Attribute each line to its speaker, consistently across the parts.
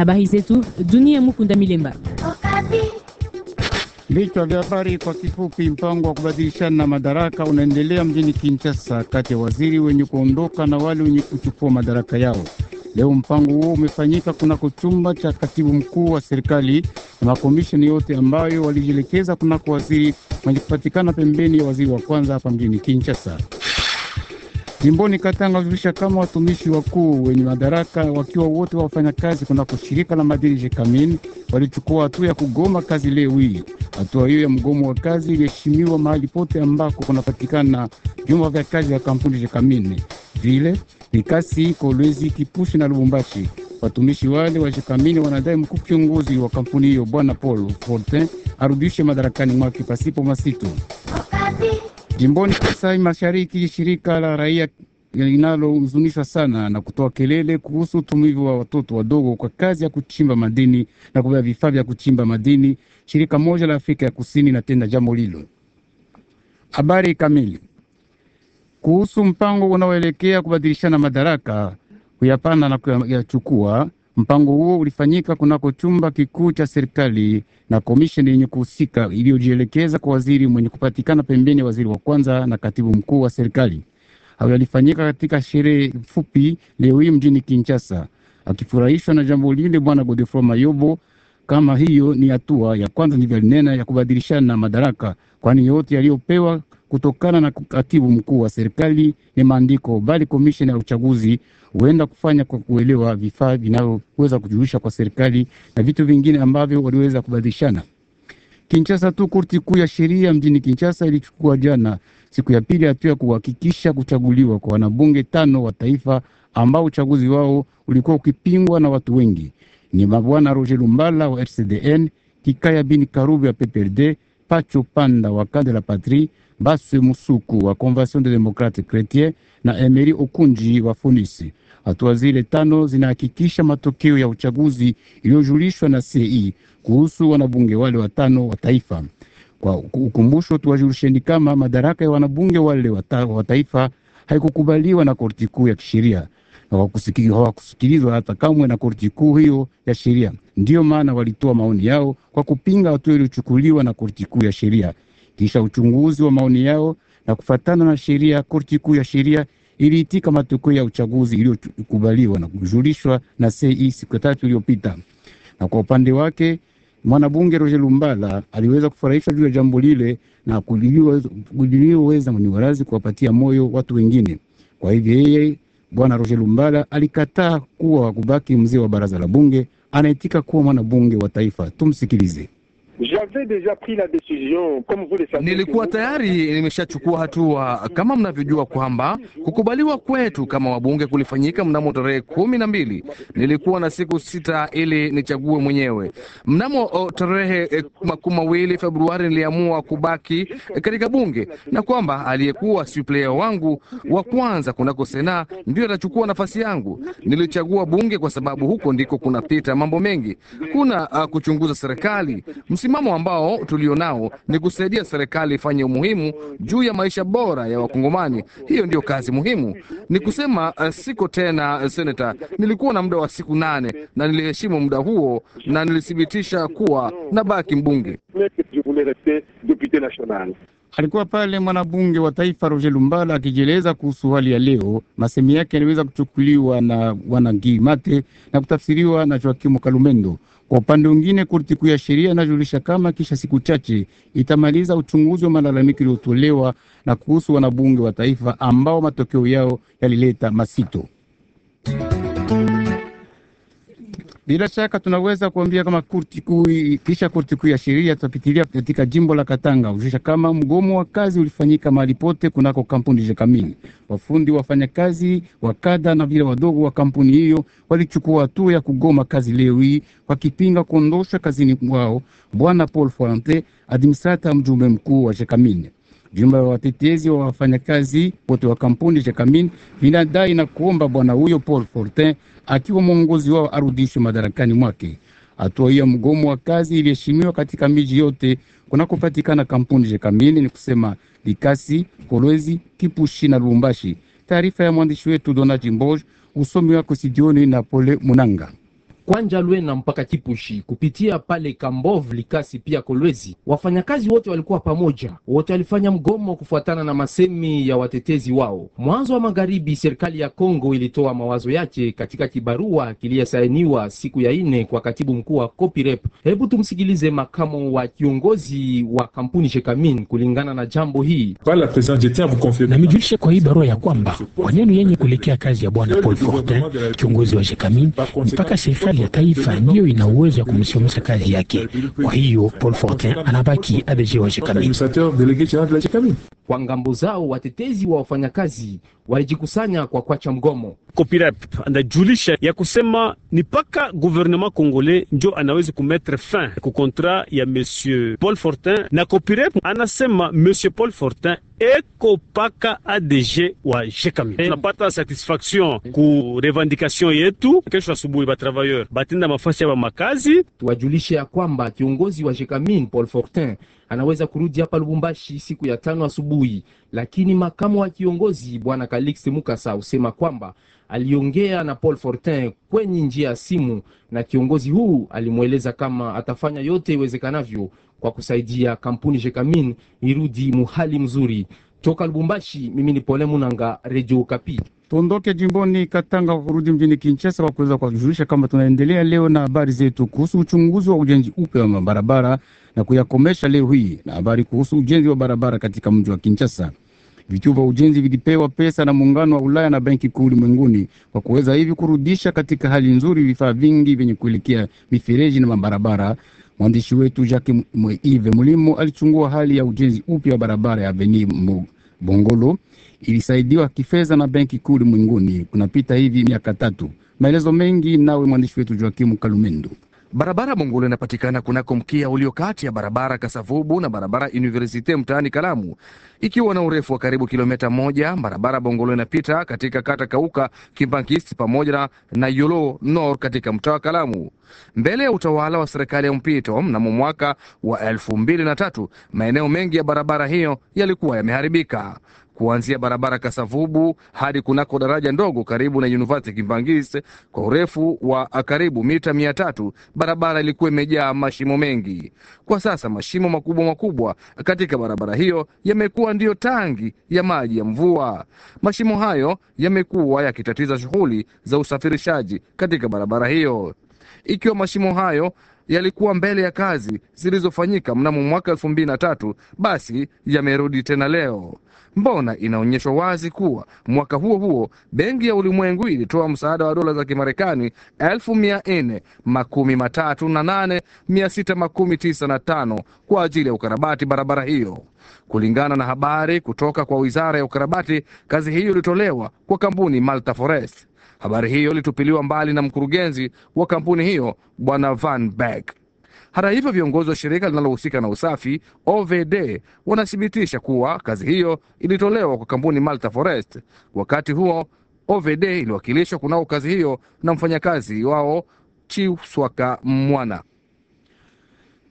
Speaker 1: Habari zetu dunia, Mukunda Milemba. Vichwa vya
Speaker 2: habari kwa kifupi. Mpango wa kubadilishana madaraka unaendelea mjini Kinshasa kati ya waziri wenye kuondoka na wale wenye kuchukua madaraka yao. Leo mpango huo umefanyika kunako chumba cha katibu mkuu wa serikali na makomishoni yote ambayo walijielekeza kunako waziri mwenye kupatikana pembeni ya waziri wa kwanza hapa mjini Kinshasa. Jimboni Katanga walijulisha kama watumishi wakuu wenye madaraka wakiwa wote wafanya kazi kuna kushirika la madini Jecamin walichukua hatua ya kugoma kazi leo hii. Hatua hiyo ya mgomo wa kazi iliheshimiwa mahali pote ambako kunapatikana vyumba vya kazi ya kampuni Jecamin vile Likasi, Kolwezi, Kipushi na Lubumbashi. Watumishi wale wa Jecamin wanadai mkuu kiongozi wa kampuni hiyo Bwana Paul Fortin arudishe madarakani mwake pasipo masitu Jimboni Kasai Mashariki, shirika la raia linalohuzunisha sana na kutoa kelele kuhusu utumivu wa watoto wadogo kwa kazi ya kuchimba madini na kubeba vifaa vya kuchimba madini. Shirika moja la Afrika ya Kusini natenda jambo lilo. Habari kamili kuhusu mpango unaoelekea kubadilishana madaraka kuyapanda na kuyachukua Mpango huo ulifanyika kunako chumba kikuu cha serikali na komisheni yenye kuhusika iliyojielekeza kwa waziri mwenye kupatikana pembeni ya waziri wa kwanza na katibu mkuu wa serikali. Hayo yalifanyika katika sherehe fupi leo hii mjini Kinshasa. Akifurahishwa na jambo lile, bwana Godefroid Mayobo kama hiyo ni hatua ya kwanza, ndivyo alinena, ya kubadilishana madaraka, kwani yote yaliyopewa kutokana na katibu mkuu wa serikali ni maandiko, bali komisheni ya uchaguzi huenda kufanya kwa kuelewa vifaa vinavyoweza kujulisha kwa serikali na vitu vingine ambavyo waliweza kubadilishana. Kinshasa tu, korti kuu ya sheria mjini Kinshasa ilichukua jana siku ya pili hatua ya kuhakikisha kuchaguliwa kwa wanabunge tano wa taifa ambao uchaguzi wao ulikuwa ukipingwa na watu wengi. Ni mabwana Roger Lumbala wa RCDN, Kikaya bin Karubi wa PPRD, Pacho Panda wa Kande la Patrie basi Musuku wa Convention de Demokrate Chretien na Emery Okunji wa Funisi. Hatua zile tano zinahakikisha matokeo ya uchaguzi iliyojulishwa na CEI kuhusu wanabunge wale watano wa taifa. Kwa ukumbusho, tuwajulisheni kama madaraka ya wanabunge wale wa taifa haikukubaliwa na korti kuu ya kisheria na hawakusikilizwa hata kamwe na korti kuu hiyo ya sheria. Ndiyo maana walitoa maoni yao kwa kupinga hatua iliyochukuliwa na korti kuu ya sheria kisha uchunguzi wa maoni yao na kufatana na sheria ya korti kuu ya sheria iliitika matokeo ya uchaguzi iliyokubaliwa na kujulishwa na CI e siku ya tatu iliyopita. Na kwa upande wake mwanabunge Roger Lumbala aliweza kufurahishwa juu ya jambo lile na kuliliweza mwenye warazi kuwapatia moyo watu wengine. Kwa hivyo yeye bwana Roger Lumbala alikataa kuwa kubaki mzee wa baraza la bunge, anaitika kuwa mwanabunge wa taifa. Tumsikilize.
Speaker 3: J'avais déjà pris la
Speaker 4: comme vous le savez. Nilikuwa
Speaker 5: tayari nimeshachukua hatua, kama mnavyojua kwamba kukubaliwa kwetu kama wabunge kulifanyika mnamo tarehe kumi na mbili. Nilikuwa na siku sita ili nichague mwenyewe. Mnamo tarehe e, makumi mawili Februari niliamua kubaki e, katika bunge na kwamba aliyekuwa suplea wangu wa kwanza kunako Sena ndio atachukua nafasi yangu. Nilichagua bunge kwa sababu huko ndiko kunapita mambo mengi, kuna uh, kuchunguza serikali Msimamo ambao tulionao ni kusaidia serikali ifanye umuhimu juu ya maisha bora ya Wakongomani. Hiyo ndiyo kazi muhimu. Ni kusema uh, siko tena eh, seneta, nilikuwa na muda wa siku nane na niliheshimu muda huo na nilithibitisha kuwa na baki mbunge.
Speaker 2: Alikuwa pale mwanabunge wa taifa Roger Lumbala akijieleza kuhusu hali ya leo. Masemi yake yaliweza kuchukuliwa na wanagii mate na kutafsiriwa na Joakimu Kalumendo. Kwa upande mwingine, korti kuu ya sheria inajulisha kama kisha siku chache itamaliza uchunguzi wa malalamiko iliyotolewa na kuhusu wanabunge wa taifa ambao matokeo yao yalileta masito. Bila shaka tunaweza kuambia kama kurti kuu, kisha kurti kuu ya sheria tutapitilia katika jimbo la Katanga ujisha kama mgomo wa kazi ulifanyika mahali pote kunako kampuni Jekamini. Wafundi, wafanyakazi wa kada na vile wadogo wa kampuni hiyo walichukua hatua ya kugoma kazi leo hii, wakipinga kuondoshwa kazini kwao. Bwana Paul Forante, administrator mjumbe mkuu wa Jekamini Vyumba vya watetezi wa wafanyakazi wote wa kampuni Jekamin vinadai na kuomba bwana huyo Paul Fortin akiwa mwongozi wao arudishwe madarakani mwake. Hatua hiyo ya mgomo wa kazi iliheshimiwa katika miji yote kunakopatikana kampuni Jekamin, ni kusema Likasi, Kolwezi, Kipushi na Lubumbashi. Taarifa ya mwandishi wetu Donald Jimboj, usomi wako sijioni na Pole Munanga. Kwanja
Speaker 4: Lwena mpaka Kipushi kupitia pale Kambov, Likasi pia Kolwezi. Wafanyakazi wote walikuwa pamoja, wote walifanya mgomo kufuatana na masemi ya watetezi wao. Mwanzo wa magharibi, serikali ya Kongo ilitoa mawazo yake katika kibarua kiliyesainiwa siku ya ine kwa katibu mkuu wa Kopirep. Hebu tumsikilize makamo wa kiongozi wa kampuni Shekamin kulingana na jambo hii. Namejulisha kwa hii barua ya kwamba maneno yenye kuelekea kazi ya bwana Paul Fortin, kiongozi wa Shekamin, mpaka serikali ya taifa ndiyo ina uwezo ya kumsimamisha kazi yake. Kwa hiyo Paul Fortin anabaki wa kamili kwa ngambo zao watetezi wa wafanyakazi walijikusanya kwa kwacha mgomo.
Speaker 6: Kopirep anajulisha ya kusema ni paka gouvernement congolais njo anawezi kumetre fin ku kontra ya Monsieur Paul Fortin, na Kopirep anasema Monsieur Paul Fortin ekopaka ADG wa JKAMI. Eh. Tunapata satisfaction ku revendication yetu. Kesho asubuhi ba travailleur batenda
Speaker 4: mafasi ya ba makazi, tuwajulishe ya kwamba kiongozi wa Jekami Paul Fortin anaweza kurudi hapa Lubumbashi siku ya tano asubuhi, lakini makamu wa kiongozi bwana Kalix Mukasa usema kwamba aliongea na Paul Fortin kwenye njia ya simu, na kiongozi huu alimweleza kama atafanya yote iwezekanavyo kwa kusaidia kampuni Jekamin irudi muhali mzuri. Toka Lubumbashi, mimi ni Pole Munanga, Radio
Speaker 2: Kapi. Tuondoke jimboni Katanga kurudi mjini Kinshasa kwa kuweza kuwajulisha kama tunaendelea leo na habari zetu kuhusu uchunguzi wa ujenzi upya wa mabarabara na kuyakomesha leo hii, na habari kuhusu ujenzi wa barabara katika mji wa Kinshasa. Vituo vya ujenzi vilipewa pesa na muungano wa Ulaya na benki kuu ulimwenguni kwa kuweza hivi kurudisha katika hali nzuri vifaa vingi vyenye kuelekea mifereji na mabarabara. Mwandishi wetu Jacques Mweive Mulimo alichungua hali ya ujenzi upya wa barabara ya Beni Bongolo, ilisaidiwa kifedha na benki
Speaker 5: kuu ulimwenguni kunapita hivi miaka tatu. Maelezo mengi nawe mwandishi wetu Joakimu Kalumendo. Barabara Mongolo inapatikana kunako mkia ulio kati ya barabara Kasavubu na barabara Universite mtaani Kalamu, ikiwa na urefu wa karibu kilomita moja. Barabara Bongolo inapita katika kata Kauka, Kimbangist pamoja na Yolo Nor katika mtaa wa Kalamu. Mbele ya utawala wa serikali ya mpito mnamo mwaka wa elfu mbili na tatu, maeneo mengi ya barabara hiyo yalikuwa yameharibika kuanzia barabara Kasavubu hadi kunako daraja ndogo karibu na University Kimbangis kwa urefu wa karibu mita mia tatu. Barabara ilikuwa imejaa mashimo mengi. Kwa sasa mashimo makubwa makubwa katika barabara hiyo yamekuwa ndiyo tangi ya maji ya mvua. Mashimo hayo yamekuwa yakitatiza shughuli za usafirishaji katika barabara hiyo. Ikiwa mashimo hayo yalikuwa mbele ya kazi zilizofanyika mnamo mwaka elfu mbili na tatu, basi yamerudi tena leo mbona inaonyeshwa wazi kuwa mwaka huo huo Benki ya Ulimwengu ilitoa msaada wa dola za Kimarekani elfu mia nne makumi matatu na nane mia sita makumi tisa na tano kwa ajili ya ukarabati barabara hiyo. Kulingana na habari kutoka kwa wizara ya ukarabati, kazi hiyo ilitolewa kwa kampuni Malta Forest. Habari hiyo ilitupiliwa mbali na mkurugenzi wa kampuni hiyo Bwana Van Beck. Hata hivyo, viongozi wa shirika linalohusika na usafi OVD wanathibitisha kuwa kazi hiyo ilitolewa kwa kampuni Malta Forest. Wakati huo OVD iliwakilishwa kunao kazi hiyo na mfanyakazi wao Chiswaka Mwana.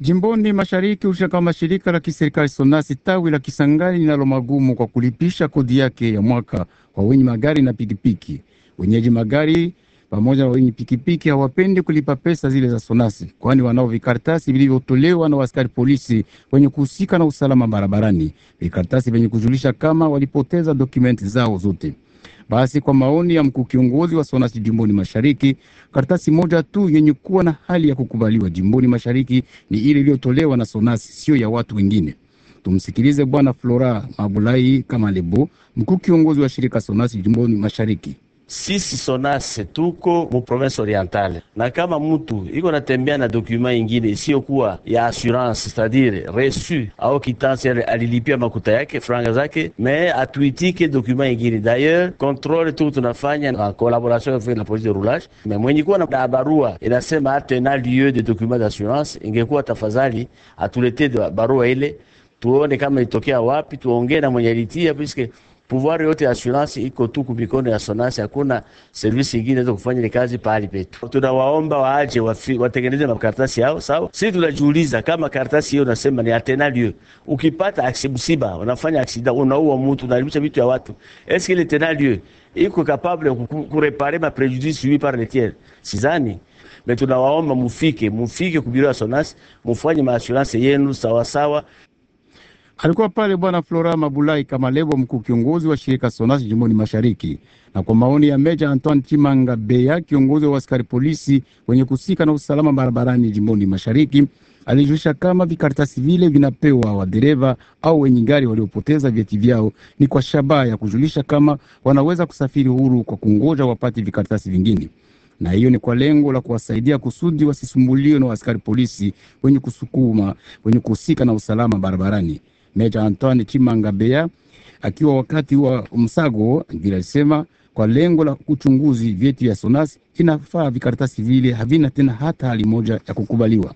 Speaker 2: Jimboni mashariki husha kama shirika la kiserikali Sonasi tawi la Kisangani linalo magumu kwa kulipisha kodi yake ya mwaka kwa wenye magari na pikipiki. Wenyeji magari pamoja na wenye pikipiki hawapendi kulipa pesa zile za sonasi, kwani wanao vikaratasi vilivyotolewa na askari polisi wenye kuhusika na usalama barabarani, vikaratasi vyenye kujulisha kama walipoteza dokumenti zao zote. Basi kwa maoni ya mkuu kiongozi wa Sonasi jimboni Mashariki, karatasi moja tu yenye kuwa na hali ya kukubaliwa jimboni Mashariki ni ile iliyotolewa na Sonasi, sio ya watu wengine. Tumsikilize Bwana Flora Mabulai Kamalebo, mkuu kiongozi wa shirika Sonasi jimboni
Speaker 6: Mashariki. Sisi Sonase tuko mu province orientale, na kama mtu iko natembea na dokuma ingine isiyokuwa ya assurance c'est-à-dire reçu au kitansi, alilipia makuta yake franga zake, me atuitike dokuma ingine. D'ailleurs controle tu tunafanya en collaboration avec la police de roulage, me mwenye kuwa na barua inasema atena lieu de document d'assurance, ingekuwa tafadhali atulete barua ile tuone kama itokea wapi, tuongee na mwenye alitia puisque Pouvoir yote ya assurance iko tu kumikono ya Sonasi, hakuna service ingine inaweza kufanya ile kazi pahali petu. Tunawaomba waaje watengeneze makaratasi yao, sawa. Sisi tunajiuliza kama karatasi hiyo unasema ni atena lieu, ukipata aksibusiba unafanya aksida, unaua mtu, unaribisha vitu ya watu, eske ile lieu iko capable kurepare ma prejudice lui par le tiers? Sizani. Me tunawaomba mufike, mufike kubiria Sonasi, mufanye maassurance yenu sawasawa sawa.
Speaker 2: Alikuwa pale bwana Flora Mabulai Kamalebo, mkuu kiongozi wa shirika Sonasi jimboni Mashariki, na kwa maoni ya meja Antoine Chimanga Beya, kiongozi wa askari polisi wenye kusika na usalama barabarani jimboni Mashariki, alijulisha kama vikaratasi vile vinapewa wadereva au wenye gari waliopoteza vyeti vyao ni kwa shabaha ya kujulisha kama wanaweza kusafiri huru kwa kungoja wapate vikaratasi vingine na hiyo ni kwa lengo la kuwasaidia kusudi wasisumbuliwe na askari polisi wenye kusukuma wenye kuhusika na usalama barabarani. Meja Antoine Chimangabea akiwa wakati wa msago vile alisema kwa lengo la uchunguzi vyeti vya SONAS inafaa vikaratasi vile havina tena hata hali moja ya kukubaliwa.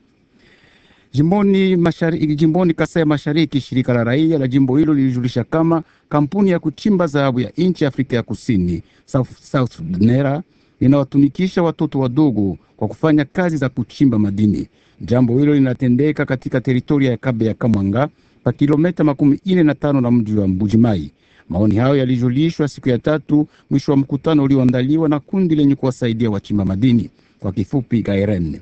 Speaker 2: Jimboni, mashariki, jimboni Kasai ya Mashariki, shirika la raia la jimbo hilo lilijulisha kama kampuni ya kuchimba dhahabu ya nchi ya Afrika ya Kusini South, South Nera inawatumikisha watoto wadogo kwa kufanya kazi za kuchimba madini. Jambo hilo linatendeka katika teritoria ya Kabe ya Kamwanga pa kilomita makumi ine na tano na mji wa Mbujimai. Maoni hayo yalijulishwa siku ya tatu mwisho wa mkutano ulioandaliwa na kundi lenye kuwasaidia wachimba madini kwa kifupi Gairen.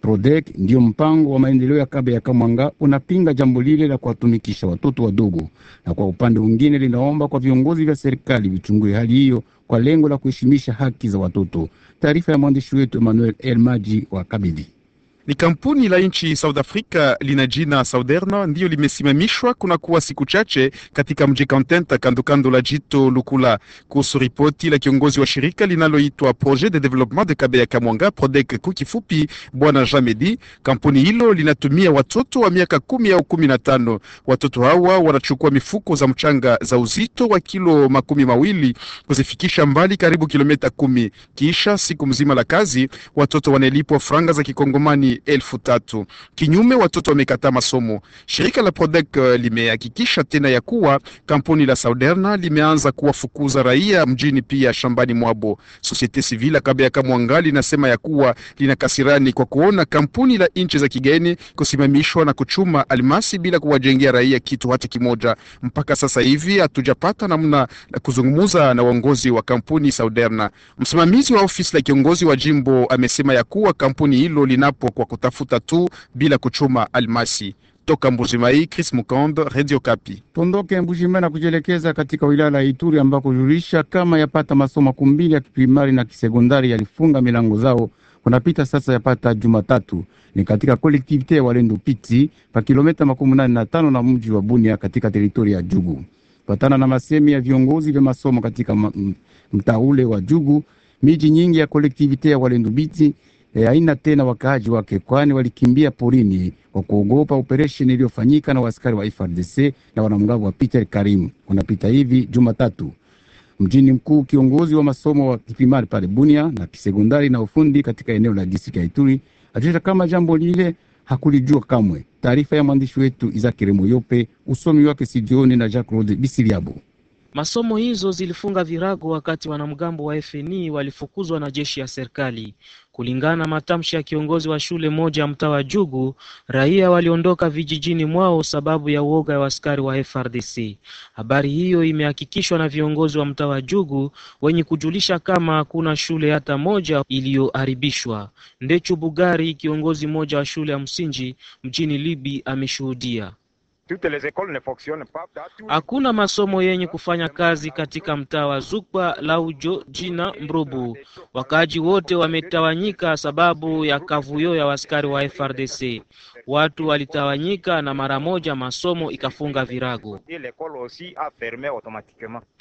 Speaker 2: Prodec ndiyo mpango wa maendeleo ya Kabe ya Kamwanga unapinga jambo lile la kuwatumikisha watoto wadogo, na kwa upande mwingine linaomba kwa viongozi vya serikali vichungue hali hiyo kwa lengo la kuheshimisha haki za watoto. Taarifa ya mwandishi wetu Emmanuel Elmaji wa Kabidi.
Speaker 3: Ni kampuni la nchi South Africa lina jina Sauderna, ndiyo limesimamishwa kuna kuwa siku chache katika mji Kantenta, kandokando la jito Lukula. Kuhusu ripoti la kiongozi wa shirika linaloitwa Projet de Developpement de Kabeya Kamwanga, Prodek kukifupi, bwana Jamedi, kampuni hilo linatumia watoto wa miaka kumi au kumi na tano. Watoto hawa wanachukua mifuko za mchanga za uzito wa kilo makumi mawili kuzifikisha mbali karibu kilomita kumi. Kisha siku mzima la kazi, watoto wanalipwa franga za kikongomani elfu tatu. Kinyume watoto wamekataa masomo. Shirika la Prodec uh, limehakikisha tena ya kuwa kampuni la Sauderna limeanza kuwafukuza raia mjini pia shambani mwabo. Sosiete Sivila Kabea Kamwanga linasema ya kuwa lina kasirani kwa kuona kampuni la nchi za kigeni kusimamishwa na kuchuma almasi bila kuwajengea raia kitu hata kimoja. Mpaka sasa hivi hatujapata namna la kuzungumza na uongozi wa kampuni Sauderna. Msimamizi wa ofisi la kiongozi wa jimbo amesema ya kuwa kampuni hilo linapo kwa kutafuta tu bila kuchuma almasi. Toka Mbujimai, Chris Mukonde, Radio Kapi.
Speaker 2: Tondoke Mbujimai na kujielekeza katika wilaya la Ituri ambako julisha kama yapata masomo makumi mbili ya kiprimari na kisekondari yalifunga milango zao kunapita sasa yapata Jumatatu ni katika kolektivite ya Walendu Piti pa kilomita makumi nane na tano na mji wa Bunia katika teritoria ya Jugu. Patana na masemi ya viongozi vya masomo katika mtaule wa Jugu, miji nyingi ya kolektivite ya Walendu Piti e, haina tena wakaaji wake, kwani walikimbia porini kwa kuogopa operesheni iliyofanyika na waskari wa FARDC na wanamgambo wa Peter Karim. Kunapita hivi Jumatatu mjini mkuu, kiongozi wa masomo wa kiprimari pale Bunia na kisekondari na ufundi katika eneo la distrikti ya Ituri atuisha kama jambo lile hakulijua kamwe. Taarifa ya mwandishi wetu Izakire Moyope, usomi wake Sidioni na Jacques Claude Bisiliabo.
Speaker 1: Masomo hizo zilifunga virago wakati wanamgambo wa FNI walifukuzwa na jeshi ya serikali. Kulingana na matamshi ya kiongozi wa shule moja ya mtaa wa Jugu, raia waliondoka vijijini mwao sababu ya uoga wa askari wa frdc Habari hiyo imehakikishwa na viongozi wa mtaa wa Jugu wenye kujulisha kama hakuna shule hata moja iliyoharibishwa. Ndechu Bugari, kiongozi mmoja wa shule ya msingi mjini Libi, ameshuhudia Hakuna masomo yenye kufanya kazi katika mtaa wa Zukwa Laujo jina Mrubu. Wakaaji wote wametawanyika sababu ya kavuyo ya waskari wa FRDC watu walitawanyika na mara moja masomo ikafunga virago.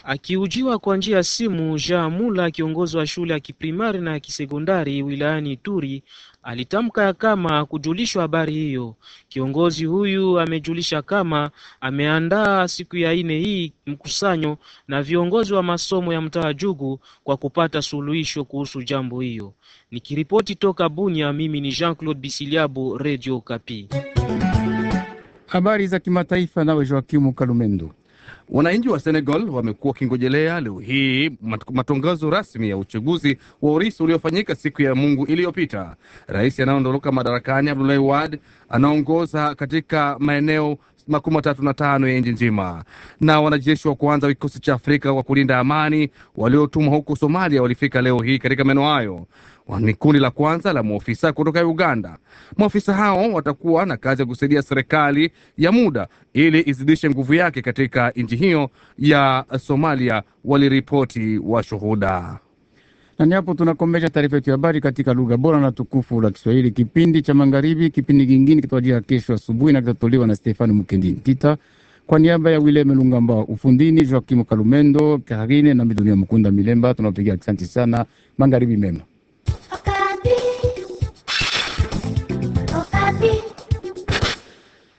Speaker 1: Akiujiwa kwa njia ya simu, Jean Mula, kiongozi wa shule ya kiprimari na ya kisekondari wilayani Ituri, alitamka kama kujulishwa habari hiyo. Kiongozi huyu amejulisha kama ameandaa siku ya ine hii mkusanyo na viongozi wa masomo ya mtaa Jugu kwa kupata suluhisho kuhusu jambo hiyo. Nikiripoti toka Bunya, mimi ni Jean-Claude Bisiliabu, Radio Kapi.
Speaker 2: Habari za kimataifa, nawe
Speaker 5: Joakimu Kalumendo. Wananchi wa Senegal wamekuwa wakingojelea leo hii matangazo rasmi ya uchaguzi wa urais uliofanyika siku ya Mungu iliyopita. Rais anayeondoka madarakani Abdoulaye Wade anaongoza katika maeneo makumi matatu na tano ya nchi nzima. Na wanajeshi wa kwanza wa kikosi cha Afrika wa kulinda amani waliotumwa huko Somalia walifika leo hii katika maeneo hayo ni kundi la kwanza la maofisa kutoka Uganda. Maofisa hao watakuwa na kazi ya kusaidia serikali ya muda ili izidishe nguvu yake katika nchi hiyo ya Somalia, waliripoti washuhuda
Speaker 2: na ni hapo tunakomesha taarifa yetu ya habari katika lugha bora na tukufu la Kiswahili, kipindi cha magharibi. Kipindi kingine kitawajia kesho asubuhi na kitatolewa na Stefani Mukendi Tita kwa niaba ya Wileme Lungamba, ufundini Joakimu Kalumendo Karine na Midunia Mkunda Milemba. Tunawapigia asante sana, magharibi mema.